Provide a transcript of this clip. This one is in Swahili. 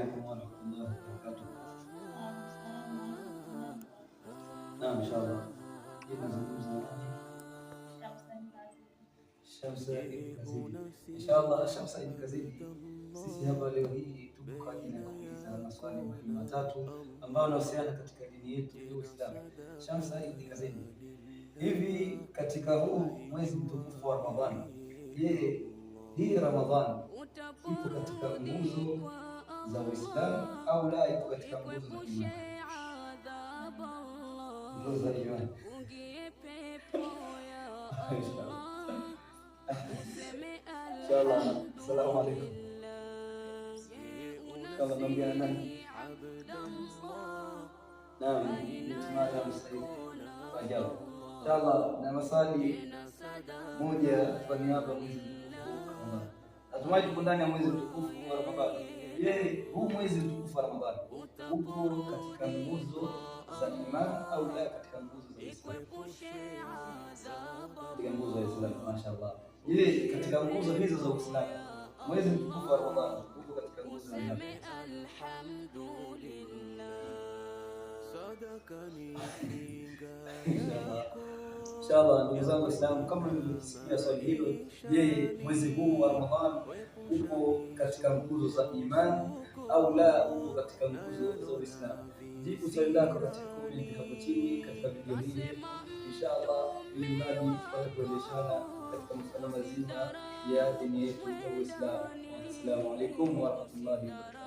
alaikum warahmatullahi wabarakatuh. Naam, inshallah. Shamsa Ibn Kazidi. Inshallah Shamsa Ibn Kazidi. Sisi hapa leo hii tuko kwa ajili ya kuuliza maswali muhimu matatu ambayo yanahusiana katika dini yetu ya Uislamu. Shamsa Ibn Kazidi. Hivi katika huu mwezi mtukufu wa Ramadhani, je, hii Ramadhani ipo katika nguzo زوجتان أو لا يتكم جزء جزء إيمان إن شاء الله إن شاء الله السلام عليكم kalau pembianan نعم نسمع لهم السيد فأجاب إن شاء الله نعم صالي moja kwa niaba ya mwezi mtukufu wa Ramadhani. Hatumaji ndani ya mwezi mtukufu wa Ramadhani. Yeye huu mwezi mtukufu wa Ramadhani uko katika nguzo za imani au la katika nguzo za Islam, katika nguzo za Islam. Mashaallah, je, katika nguzo hizo za Uislamu mwezi mtukufu wa Ramadhani uko katika nguzo za imani? Alhamdulillah. Inshallah ndugu zangu Waislamu, kama mlisikia swali hilo, je, mwezi huu wa Ramadhani uko katika nguzo za imani au la, uko katika nguzo za Uislamu? Jibu swali lako katika comment hapo chini katika video hii inshallah, ili mradi tupate kueleshana katika masuala mazima ya dini yetu ya Uislamu. Assalamu alaikum warahmatullahi wabarakatuh.